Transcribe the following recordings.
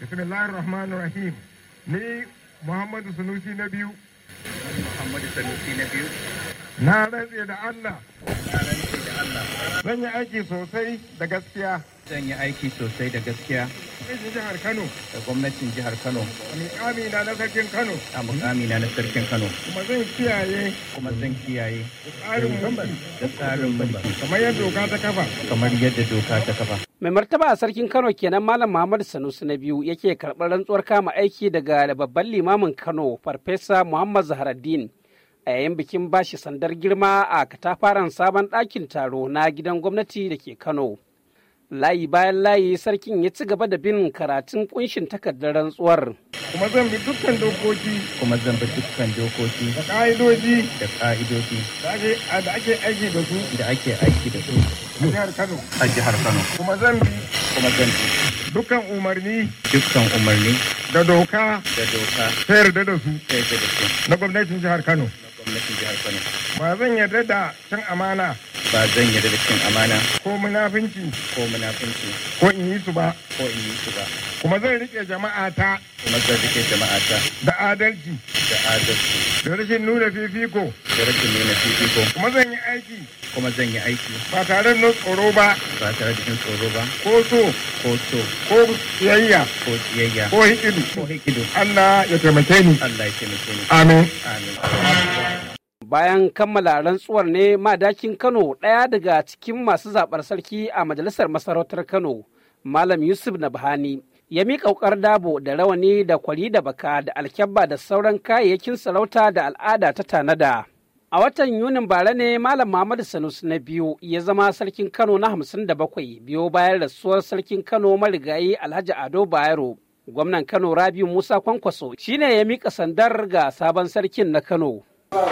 bismillahir rahmanir rahim ni muhammadu sanusi na biyu muhammadu sanusi na biyu na rantse da allah da allah zan yi aiki sosai da gaskiya Zan yi aiki sosai da gaskiya. Gwamnatin jihar Kano. Da gwamnatin jihar Kano. Amina na na sarkin Kano. Amina sarkin Kano. Kuma zan kiyaye. Kuma zan kiyaye. Da tsarin mulki. Kamar yadda doka ta kafa. Kamar yadda doka ta kafa. Mai martaba a sarkin Kano kenan Malam Muhammad Sanusi na biyu yake karɓar rantsuwar kama aiki daga babban limamin Kano Farfesa Muhammad Zaharaddin. a yayin bikin bashi sandar girma a katafaren sabon ɗakin taro na gidan gwamnati da ke Kano. layi bayan layi sarkin ya ci gaba da bin karatun kunshin takardar rantsuwar. Kuma zan bi dukkan dokoki. Kuma zan bi dukkan dokoki. Da ƙa'idoji. Da ƙa'idoji. Da ake aiki da su. Da ake aiki da su. A jihar Kano. A jihar Kano. Kuma zan bi. Kuma zan bi. Dukkan umarni. Dukkan umarni. Da doka. Da doka. Ta yarda da su. Ta yarda da su. Na gwamnatin jihar Kano. Na gwamnatin jihar Kano. Ba zan yarda da can amana. ba zan yi da cin amana ko munafinci ko munafinci ko in yi su ba ko in yi su ba kuma zan rike ta. kuma zan rike jama'a ta. da adalci da adalci da rashin nuna fifiko da rashin nuna fifiko kuma zan yi aiki kuma zan yi aiki ba tare da tsoro ba ba tare da tsoro ba ko so ko so ko tsiyayya ko tsiyayya ko hikidu ko hikidu Allah ya taimake ni Allah ya taimake ni amin amin bayan kammala rantsuwar ne madakin kano ɗaya daga cikin masu zaɓar sarki a majalisar masarautar kano malam yusuf nabhani ya miƙa ƙaukar dabo da rawani da kwari da baka da alkyabba da sauran kayayyakin sarauta da al'ada ta tanada a watan yunin bara ne malam muhammadu sanusi na biyu ya zama sarkin kano na hamsin da bakwai biyo bayan rasuwar sarkin kano marigayi alhaji ado bayero gwamnan kano rabiu musa kwankwaso shine ya miƙa sandar ga sabon sarkin na kano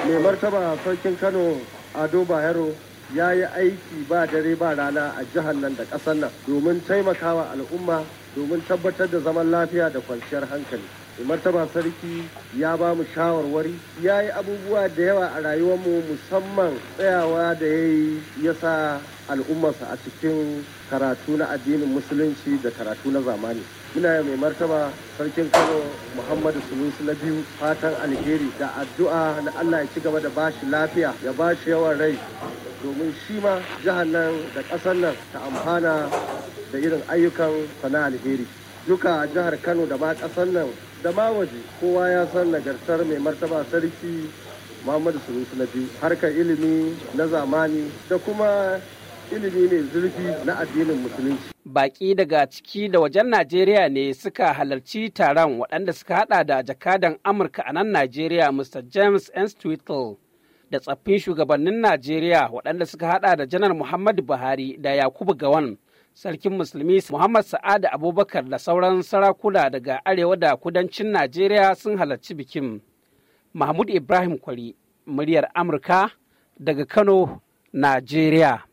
mai martaba sarkin kano ado bayero ya yi aiki ba dare ba rana a jihar nan da ƙasar nan domin taimakawa al'umma domin tabbatar da zaman lafiya da kwanciyar hankali martaba sarki ya ba mu shawarwari ya yi abubuwa da yawa a rayuwarmu musamman tsayawa da ya yi ya sa al'ummarsa a cikin karatu na addinin musulunci da karatu na zamani muna mai martaba sarkin kano muhammadu sunusu na biyu fatan alheri da addu'a na allah ya ci gaba da bashi lafiya ya bashi yawan rai domin shi ma jihar nan da ƙasar nan ta amfana da irin ayyukan sana alheri duka jihar kano da ba ƙasar nan da ma waje kowa ya san nagartar mai martaba sarki muhammadu sulusu na biyu harkar ilimi na zamani da kuma ilimi mai zurfi na addinin musulunci baki daga ciki da wajen Najeriya ne suka halarci taron waɗanda suka hada da jakadan Amurka a nan Najeriya Mr. James Entwistle da tsaffin shugabannin Najeriya waɗanda suka hada da Janar Muhammadu Buhari da Yakubu Gawan sarkin musulmi Muhammad Sa'ada Abubakar da sauran sarakuna daga arewa da kudancin Najeriya sun halarci bikin. Mahmud Ibrahim Kwari, muryar Amurka daga Kano, Najeriya.